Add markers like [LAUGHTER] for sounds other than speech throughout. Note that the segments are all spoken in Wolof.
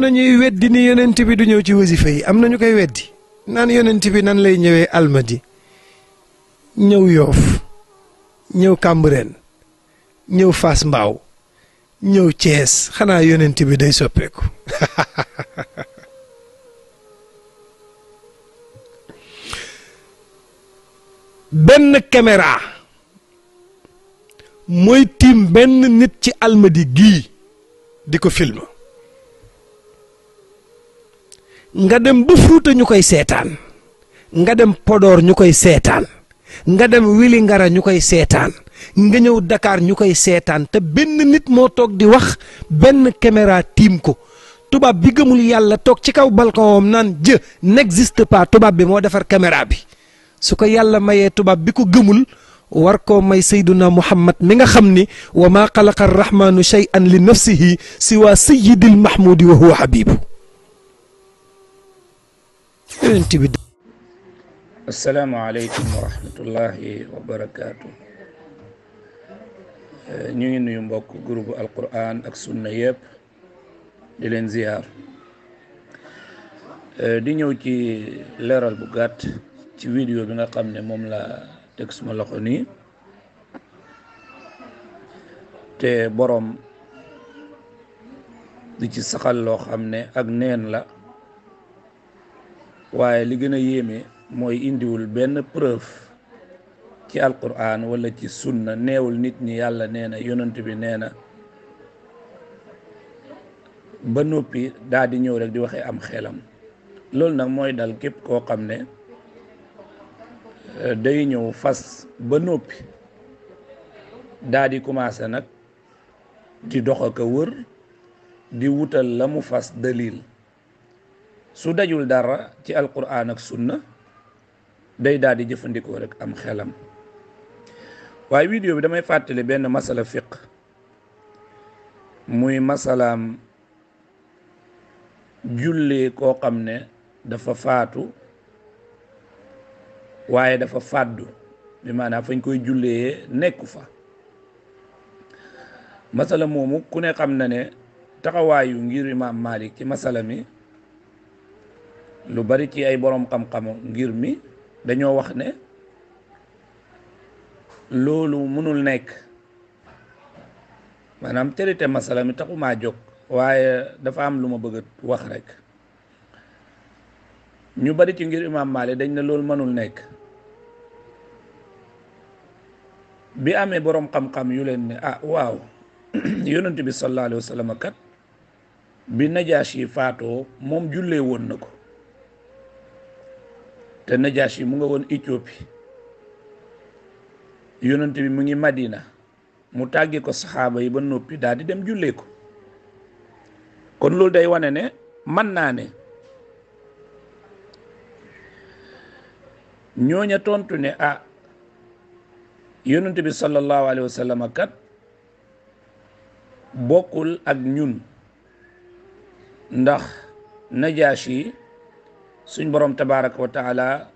am na ñuy weddi ni yonent bi du ñëw ci wasifa yi am na ñu koy weddi naan yonent bi nan lay ñëwee almadi ñëw yoof ñëw kàmbureen ñëw fas mbaaw ñëw cees xanaa yonent bi day soppeeku [LAUGHS] benn caméra mooy tiim benn nit ci almadi gii di ko film nga dem ba Fuuta ñu koy seetaan nga dem Podor ñu koy seetaan nga dem Wilingara ñu koy seetaan nga ñëw dakaar ñu koy seetaan te benn nit moo toog di wax benn caméra tiim ko tubaab bi gëmul yàlla toog ci kaw balcon am naan jë n'existe pas tubaab bi moo defar caméra bi su ko yàlla mayee tubaab bi ko gëmul war koo may sayduna muhammad mi nga xam ni wa maa xalaqa arrahmanu shay'an li nafsihi siwa sayidil mahmudi wa huwa habibu yonent bi asalaamaaleykum wa rahmatullahi wa barakaatu eh, ñu ngi nuyu mbokk groupe alquran ak sunna yëpp di leen ziar eh, di ñëw ci leeral bu gàtt ci vidéo bi nga xam ne moom la teg suma loxo nii te boroom di ci saxal loo xam ne ak neen la waaye li gën a yéeme mooy indiwul benn preuve ci alquran wala ci sunna neewul nit ñi yàlla nee na yonent bi nee na ba noppi daa di ñëw rek di waxee am xelam loolu nag mooy dal képp koo xam ne eh, day ñëw fas ba noppi daa di commencé nag di dox ak a wër di wutal la mu fas dalil su dajul dara ci alquran ak sunna day daal di jëfandikoo rek am xelam waaye vidéo bi damay fàttali benn masala fiq muy masalaam jullee koo xam ne dafa faatu waaye dafa fàddu bi maanaam fañ koy jullee nekku fa masala moomu ku ne xam na ne taxawaayu ngir imaam Malik ci masala mi lu bari ci ay boroom xam-xamu ngir mi dañoo wax ne loolu mënul nekk maanaam terité masala mi taxumaa maa jóg waaye dafa am lu ma bëgga wax rekk ñu bari ci ngir imaam Maalik dañ ne loolu mënul nekk bi amee boroom xam-xam yu leen ne ah waaw [CLEARS THROAT] yonent bi sallallahu alayhi wa sallam kat bi Najaashi faatoo moom jullee woon na ko te Najaasi mu nga woon Éthiopie yonent bi mu ngi Madina mu tàggi ko saxaaba yi ba noppi daal di dem jullee ko kon loolu day wane ne man naa ne ñooña tontu ne ah yonent bi sallallahu alayhi wa kat bokkul ak ñun ndax Najaasi suñ borom tabaraka wa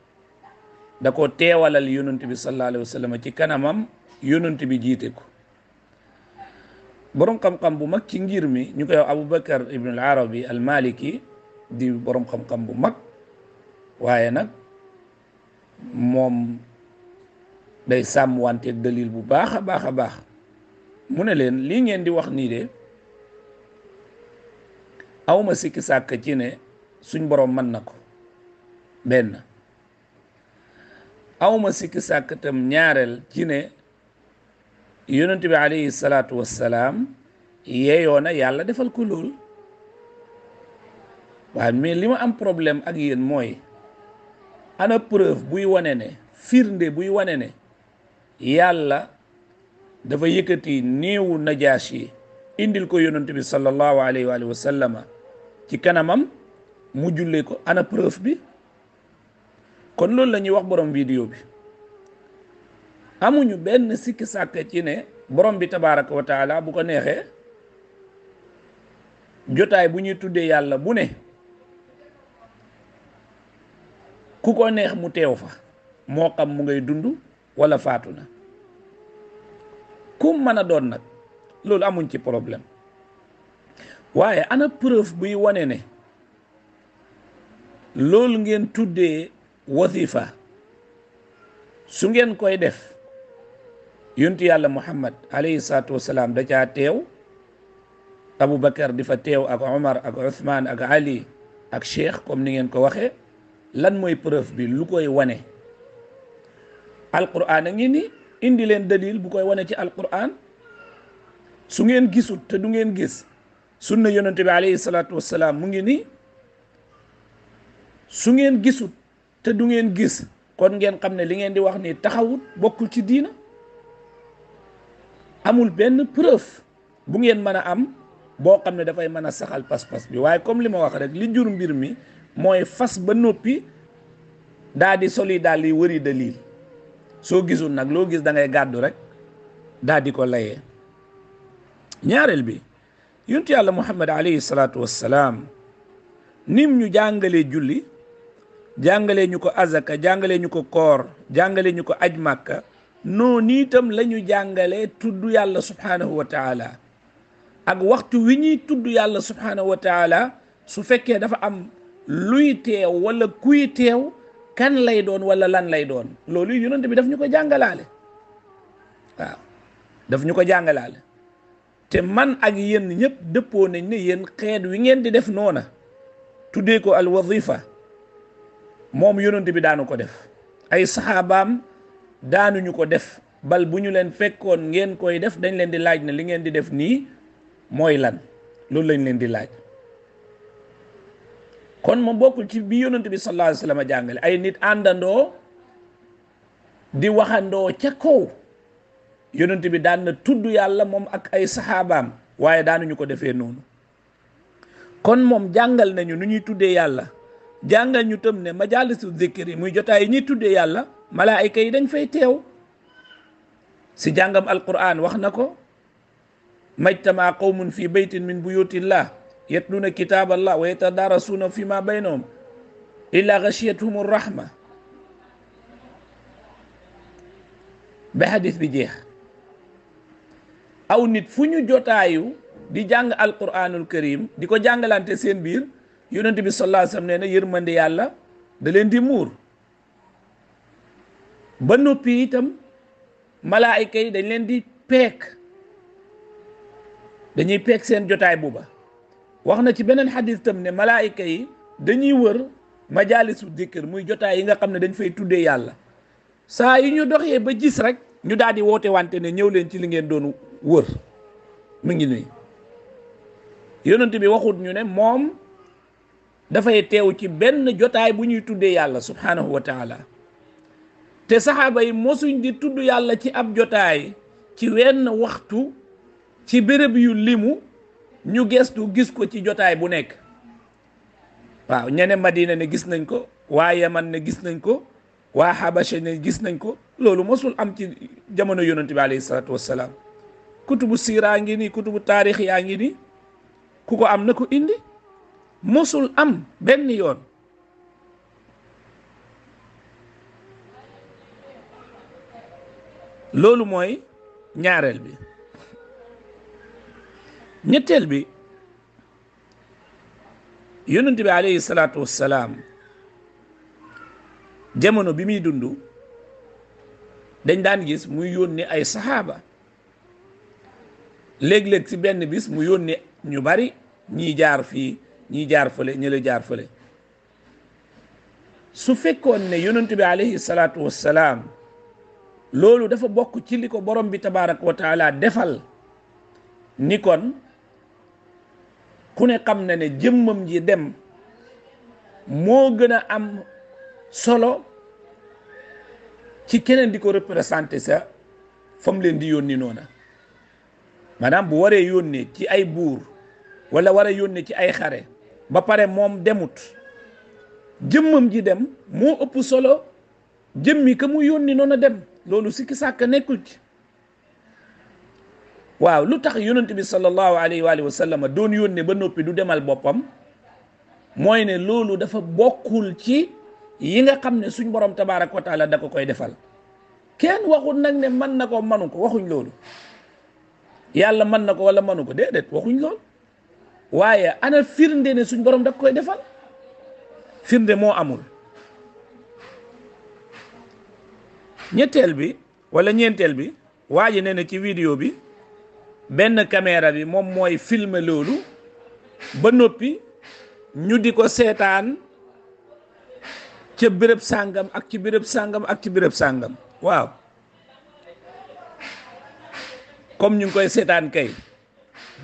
dako teewalal yonent bi sallallahu alayhi ci kanamam yonent bi jiite ko boroom xam-xam bu mag ci ngir mi ñu koy wax Aboubacar Ibn al Arabi al Maliki di borom xam-xam bu mag waaye nag moom day sàmm wanteeg dalil bu baax a baax a baax mu ne leen lii ngeen di wax nii de awma sikki sàkk ci ne suñ boroom mën na ko benn awma sikki sàkk tam ñaareel ci ne yonent bi alayhi salaatu wassalaam yeeyoona yàlla defal ko lool waaw mais li ma am problème ak yéen mooy ana preuve buy wane ne firnde buy wane ne yàlla dafa yëkkati néewu najaas yi indil ko yonent bi sallallahu alayhi wa sallama ci kanamam mu jullee ko ana preuve bi kon loolu la ñuy wax borom vidéo bi amuñu benn sikki sàkk ci ne borom bi tabaraka wa taala bu ko neexee jotaay bu ñuy tuddee yàlla bu ne ku ko neex mu teew fa moo xam mu ngay dund walla faatu na ku mën a doon nag loolu amuñ ci problème waaye ana preuve buy wane ne loolu ngeen tuddee wasifa su ngeen koy def yuntu yàlla muhammad alayhi salaatu wasalaam da caa teew aboubacar di fa teew ak omar ak othman ak ali ak cheikh comme ni ngeen ko waxee lan mooy preuve bi lu koy wane alquran a ngi ni indi leen dalil bu koy wane ci alquran su ngeen gisut te du ngeen gis sunna yonente bi alayhi salaatu wasalaam mu ngi ni su ngeen gisut te du ngeen gis kon ngeen xam ne li ngeen di wax ni taxawut bokkul ci diina amul benn preuve bu ngeen mën am boo xam ne dafay mën a saxal pas-pas bi waaye comme li ma wax rek li jur mbir mi mooy fas ba noppi daa di soli daal yi wëri dalil soo gisul nag loo gis da ngay gàddu rek daa di ko layee ñaareel bi yàlla muhammad alayhi salaatu wassalaam nim ñu jàngalee julli jàngale ñu ko azaka jàngale ñu ko koor jàngale ñu ko aj màkka noonu itam la ñu tudd yàlla subhaanahu wa ak waxtu wi ñuy tudd yàlla subhaanahu wa taala su fekkee dafa am luy teew wala kuy teew kan lay doon wala lan lay doon loolu yonent bi daf ñu ko jàngalaale daf ñu ko jàngalaale te man ak yéen ñëpp dëppoo nañ ne yéen xeet wi ngeen di def noona tuddee ko al wazifa moom yonent bi daanu ko def ay saxaabaam daanuñu ko def bal bu ñu leen fekkoon ngeen koy def dañ leen di laaj na li ngeen di def nii mooy lan loolu lañ leen di laaj kon moom bokkul ci bi yonent bi sallallahu alayhi wa sallam jàngale ay nit àndandoo di waxandoo ca kaw yonent bi daan na tudd yàlla moom ak ay saxaabaam waaye daanuñu ko defee noonu kon moom jàngal nañu nu ñuy tuddee yàlla jàngal ñu tam ne majalisu zikri muy jotaay yi ñuy tuddee yàlla malaayika yi dañ fay teew si jàngam alquran wax na ko majtamaa qawmun fi baytin min buyutillah yatluuna kitaaballah wa yatadarasuuna fi ma baynahum illa gachiyatuhum rahma ba xadis bi jeex aw nit fu ñu jotaayu di jàng alquranul karim di ko jàngalante seen biir yonent bi sallallahu alayhi wasallam nee na yërmande yàlla da leen di muur ba noppi itam malaayika yi dañ leen di peek dañuy peek seen jotaay bu ba wax na ci beneen xadis tam ne malaayika yi dañuy wër majaalisu dikkër muy jotaay yi nga xam ne dañ fay tuddee yàlla saa yi ñu doxee ba gis rek ñu daal di woote wante ne ñëw leen ci li ngeen doon wër mu ngi nii yonent bi waxut ñu ne moom dafay teew ci benn jotaay bu ñuy tuddee yàlla subhanahu wa taala te saxaaba yi mosuñ di tudd yàlla ci ab jotaay ci wenn waxtu ci bërëb yu limu ñu geestu gis ko ci jotaay bu nekk waaw ñene Madina ne gis nañ ko waa Yaman ne gis nañ ko waa Habasha ne gis nañ ko loolu mosul am ci jamono yonent bi alayhi salaatu wassalaam kutubu siiraa ngi nii kutubu taarix yaa ngi nii ku ko am na ko indi musul am benn yoon loolu mooy ñaareel bi ñetteel bi yonent bi alayhi salaatu wassalaam jamono bi muy dundu dañ daan gis muy yónni ay saxaaba léeg-léeg ci benn bis mu yónni ñu bari ñii jaar fii ñii jaar fële ñële jaar fële su fekkoon ne yonent bi alayhi salaatu salaam loolu dafa bokk ci li ko borom bi tabaarak wa defal ni kon ku ne xam na ne jëmmam ji dem moo gën a am solo ci keneen di ko représenté sa fam leen di yónni noona maanaam bu waree yónnee ci ay buur wala waree yónnee ci ay xare ba pare moom demut jëmmam ji dem moo ëpp solo jëmmi ka mu yónni noonu dem loolu sikki sàkk nekkul ci waaw lu tax yonent bi sallallahu alayhi wa sallam doon yónnee ba noppi du demal boppam mooy ne loolu dafa bokkul ci yi nga xam ne suñ borom tabaaraka wa da ko koy defal kenn waxul nag ne mën na ko manu ko waxuñ loolu yàlla mën na ko wala manu ko déedéet waxuñ lool waaye ana firnde ne suñ borom daf koy defal firnde moo amul ñetteel bi wala ñeenteel bi waa ji nee na ci vidéo bi benn caméra bi moom mooy filmer loolu ba noppi ñu di ko seetaan ca béréb sàngam ak ci béréb sàngam ak ci béréb sàngam waaw comme ñu ngi koy seetaan kay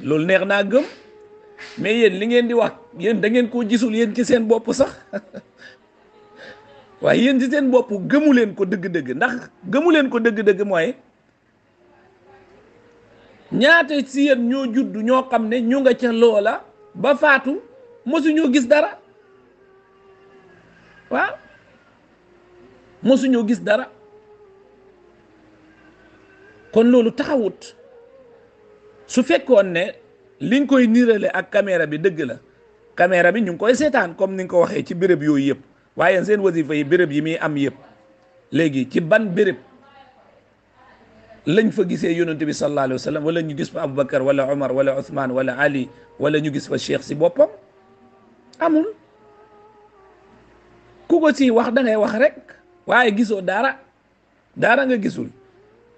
loolu neex naa gëm mais yéen li ngeen di wax yéen da ngeen koo gisul yéen ci seen bopp sax [LAUGHS] waaye yéen ci seen bopp gëmu leen ko dëgg-dëgg ndax gëmu leen ko dëgg-dëgg mooy ñaata si yéen ñoo judd ñoo xam ne ñu nga ca loola ba faatu mosuñoo gis dara waaw mosuñoo gis dara kon loolu taxawut su fekkoon ne liñ koy nirale ak caméra bi dëgg la caméra bi ñu ngi koy seetaan comme ni nga ko waxee ci béréb yooyu yëpp waaye seen wasifa yi béréb yi muy am yëpp léegi ci ban béréb lañ fa gisee yonente bi sallallahu alayhi wa sallam wala ñu gis fa Aboubacar wala Omar wala Ousmane wala Ali wala ñu gis fa Cheikh si boppam amul ku ko ci wax da ngay wax rek waaye gisoo dara dara nga gisul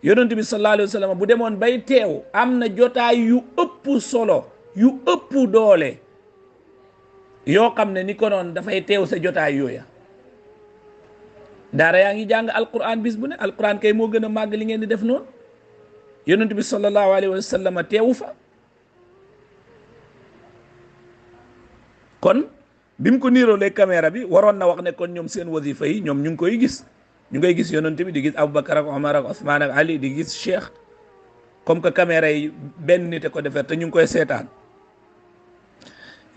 yonent bi sallallahu alayhi bu demoon bay teew am na jotaay yu ëpp solo yu ëpp doole yoo xam ne ni ko noon dafay teew sa jotaay yooya daara yaa ngi jàng alquran bis bu ne alquran kay moo gën a màgg li ngeen di def noonu yonent bi sallallahu alayhi wa sallam fa kon bi mu ko niiroolee caméra bi waroon na wax ne kon ñoom seen wasifa yi ñoom ñu ngi koy gis ñu ngay gis yonent bi di gis Aboubacar ak Omar ak Ousmane ak Ali di gis Cheikh comme que caméra yi benn nit ko defer te ñu ngi koy seetaan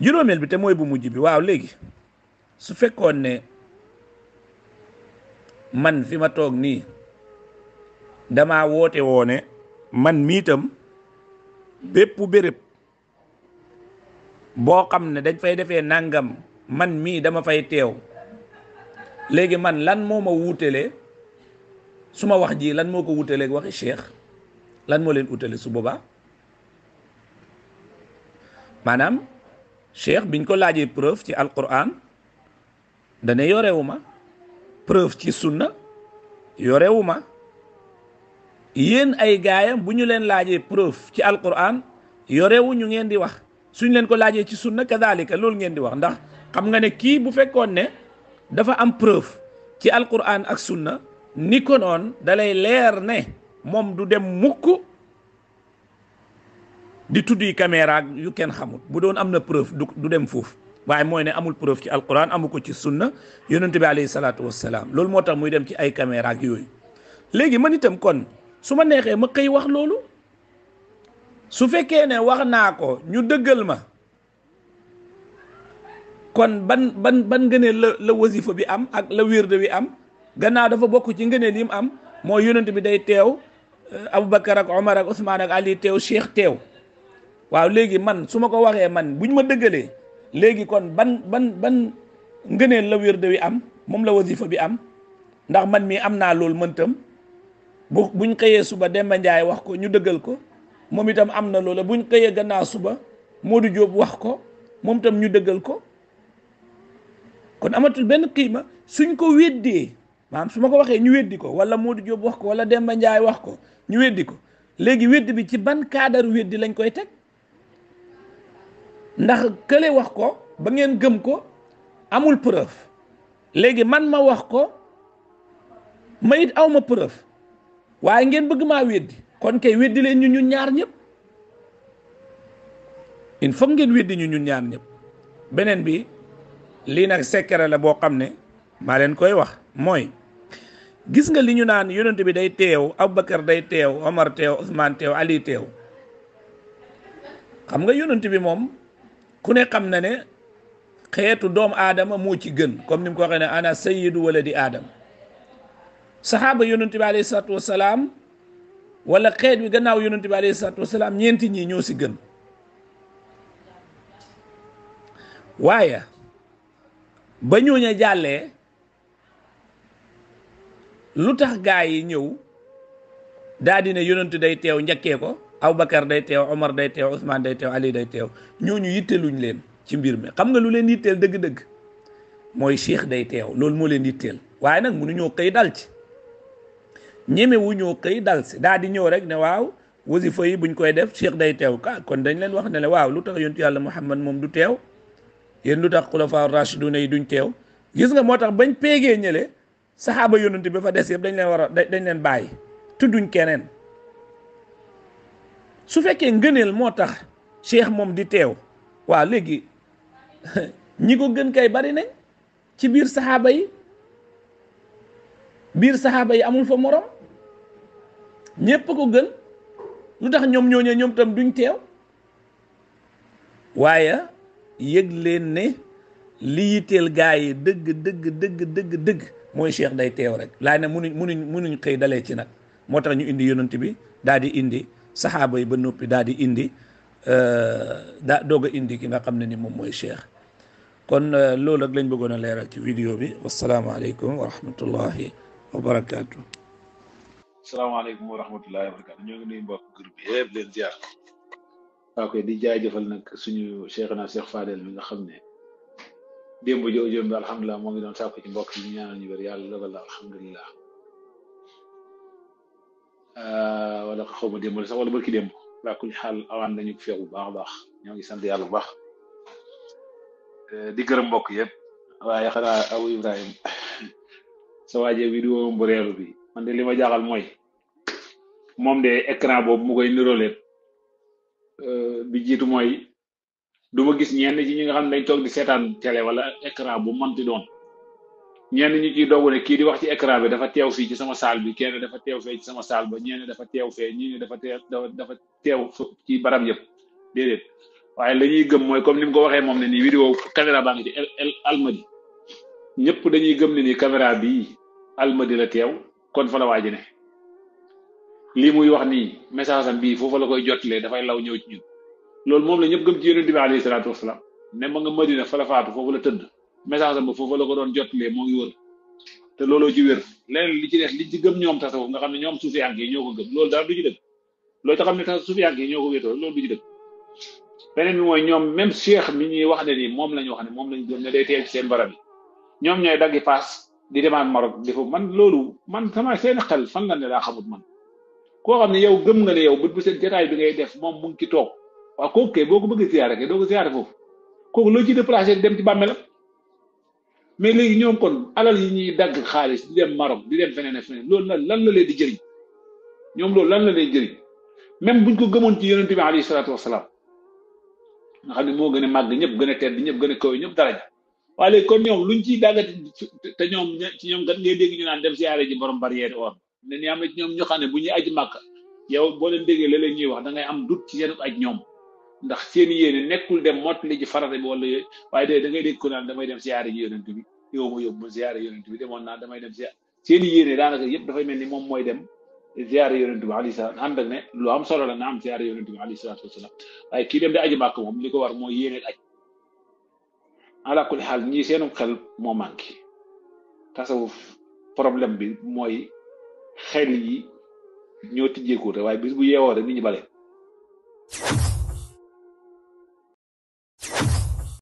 juróomeel bi te mooy bu mujj bi waaw léegi su fekkoon ne man fi ma toog nii dama woote woone man miitam bépp béréb boo xam ne dañ fay defee nangam man mii dama fay teew léegi man lan moo ma wuutelee su ma wax ji lan moo ko wuuteleeg waxi cheikh lan moo leen utale su booba maanaam cheikh biñ ko laajee preuve ci alquran dane yorewu ma preuve ci sunna yorewu ma yéen ay gaayam bu ñu leen laajee preuve ci alquran yorewu ñu ngeen di wax suñ leen ko laajee ci sunna kadalika loolu ngeen di wax ndax xam nga ne kii bu fekkoon ne dafa am preuve ci alquran ak sunna ni ko noon dalay leer ne moom du dem mukk di tuddi caméra yu kenn xamul bu doon am na preuve du dem foofu waaye mooy ne amul preuve ci alquran amu ko ci sunna yonent bi alayhi salaatu wassalaam loolu moo tax muy dem ci ay caméra yooyu léegi man itam kon su ma neexee ma xëy wax loolu su fekkee ne wax naa ko ñu dëggal ma kon ban ban ban ngëneel la la wasifa bi am ak la wirde bi am gannaaw dafa bokk ci ngëneel yi mu am moo yonante bi day teew euh, Aboubacar ak Omar ak Ousmane ak Ali teew Cheikh teew waaw léegi man su ma ko waxee man bu ñu ma dëggalee léegi kon ban ban ban ngëneel la wirde wi am moom la wasifa bi am ndax man mii am naa loolu mëntam bu buñ xëyee suba Demba Ndiaye wax ko ñu dëggal ko moom itam am na loola buñ xëyee gannaaw suba Modou Diop wax ko moom itam ñu dëggal ko kon amatul benn xiima suñ ko weddee maanaam su ma ko waxee ñu weddi ko wala Modou Diop wax ko wala Demba Ndiaye wax ko ñu weddi ko léegi weddi bi ci ban cadre weddi lañ koy teg ndax kële wax ko ba ngeen gëm ko amul preuve léegi man ma wax ko ma it aw ma waaye ngeen bëgg maa weddi kon kay weddi leen ñu ñun ñaar ñëpp il faut ngeen weddi ñu ñun ñaar ñëpp beneen bi lii nag secret la boo xam ne maa leen koy wax mooy gis nga li ñu naan yonent bi day teew Aboubacar day teew Omar teew Ousmane teew Ali teew xam nga yonent bi moom ku ne xam na ne xeetu doom aadama moo ci gën comme nim ko waxee ne ana sayyidu wala di aadama saxaaba yonent bi alayhi salaatu wasalaam wala xeet wi gannaaw yonent bi alayhi salaatu wasalaam ñeenti ñii ñoo si gën waaye ba ñooña jàllee lu tax gaa yi ñëw daa di ne yonentu day teew njëkkee ko Aboubacar day teew Omar day teew Ousmane day teew Ali day teew ñooñu yitteeluñ leen ci mbir mi xam nga lu leen yitteel dëgg-dëgg mooy Cheikh day teew loolu moo leen yitteel waaye nag mënuñoo xëy dal ci ñemewu ñoo xëy dal si daa di ñëw rek ne waaw wasifa yi buñ koy def Cheikh day teew ka kon dañ leen wax ne le waaw lu tax yontu yàlla Muhammad moom du teew yéen lu tax xulafaa rachiduna yi duñ teew gis nga moo tax bañ péegee ñële saxaaba yonent bi fa des yëpp dañ leen war dañ leen bàyyi tudduñ keneen su fekkee ngëneel moo tax cheikh moom di teew waa léegi [LAUGHS] ñi ko gën kay bari ne ci biir saxaaba yi biir saxaaba yi amul fa morom ñépp ko gën lu tax ñoom ñooñee ñoom tam duñ teew waaye yëg leen ne li yitteel gaa yi dëgg dëgg dëgg dëgg dëgg mooy cheikh day teew rek laa ne munuñ munuñ munuñ xëy dalee ci nag moo tax ñu indi yonent bi daal di indi saxaaba yi ba noppi daal di indi euh, daa doog indi ki nga xam ne ni moom mooy cheikh kon euh, loolu rek lañ bëggoon a leeral ci vidéo bi wasalaamaaleykum wa rahmatullahi wa barakaatu. salaamaaleykum wa rahmatullahi wa barakaatu ñoo ngi nuyu mbokk leen ziar. waa koy di jaajëfal nag suñu cheikh na cheikh mi nga xam ne démb joojoom bi alhamdulilah moo ngi doon sàkku mbokk yi ñaanal ñu wér yàlla dogal la alhamdulilah euh, wala xaw ma démb la sax wala barki démb laa kuñ xaal awaan nañu bu baax baax ñoo ngi sant yàlla bu baax euh, di gërëm mbokk yëpp waaye xanaa aw Ibrahim sa waajee vidéo bu reelu bi man de li ma jaaxal mooy moom de écran boobu mu koy niroleet Euh, bi jiitu mooy du ma gis ñenn ci ñi nga xam ne dañ toog di seetaan télé wala écran bu manti doon ñenn ñu ciy doogu ne kii di wax ci écran bi dafa teew fii ci sama saal bi kenn dafa teew fee ci sama saal ba ñenn dafa teew fee ñii dafa teew dafa teew ci barab yëpp déedéet waaye la gëm mooy comme ni mu ko waxee moom ne nii vidéo caméra baa ngi ci almadi ñëpp dañuy gëm ni nii caméra bii almadi la teew kon fa la waaji ne li muy wax ni message am bi fofu la koy da fay law ñëw ci ñun lool mom la ñep gëm ci yonente bi alayhi salaatu wasalaam ne ma nga medina fa la faatu fofu la teud message am fofu la ko doon jottalee mo ngi wër te loolo ci wér leneen li ci def li ci gëm ñom tassaw nga xamni ñom ñoom suufi ñoko gëm lool daal du ci dëgg loolu taxam ne tas suufi yànk ñoko wëto lool du ci dëgg benen bi moy ñom même cheikh mi ñi wax ne ni mom lañu wax ne mom lañu gëm ne day teel ci seen barab yi ñoom ñooy daggi paas di demaat Maroc di man loolu man sama seen xel fan la ne la xamut man koo xam ne yow gëm nga ne yow bët bu seen jataay bi ngay def moom mu ngi ci toog waaw kooku kay boo ko bëgg siyaare kay doo ko siyaare foofu kooku loo ci déplacé dem ci bàmmeelam mais léegi ñoom kon alal yi ñuy dagg xaalis di dem Maroc di dem feneen ak loolu lan lan la leen di jëriñ ñoom loolu lan la leen jëriñ même buñ ko gëmoon ci yonent bi alayhi salaatu wasalaam nga xam ne moo gën a màgg ñëpp gën a tedd ñëpp gën a kaw ñëpp daraja waaye léegi kon ñoom luñ ciy dàggati te ñoom ci ñoom kat ngay dégg ñu naan dem siyaare ji borom barrière or ne ni am na ñoom ñu xam bu ñuy aji màkk yow boo leen déggee la leen ñuy wax da ngay am dut ci seen aj ñoom ndax seen yéene nekkul dem mottali ji farata bi wala waaye de da ngay dégg ko naan damay dem siyaare ji yow ma yóbbu demoon naa damay dem siyaare seen yéene daanaka yëpp dafay mel ni moom mooy dem siyaare yonent bi alayhi salaam ànd ak ne lu am solo la na am siyaare yonent bi alayhi salaatu wasalaam waaye kii dem di aji màkk moom li ko war mooy yéene aj ala kulli xaal ñii seenu xel moo manqué tasawuf problème bi mooy xel yi ñoo tijjeeku te waaye bis bu yeewoo rek nit ñi bale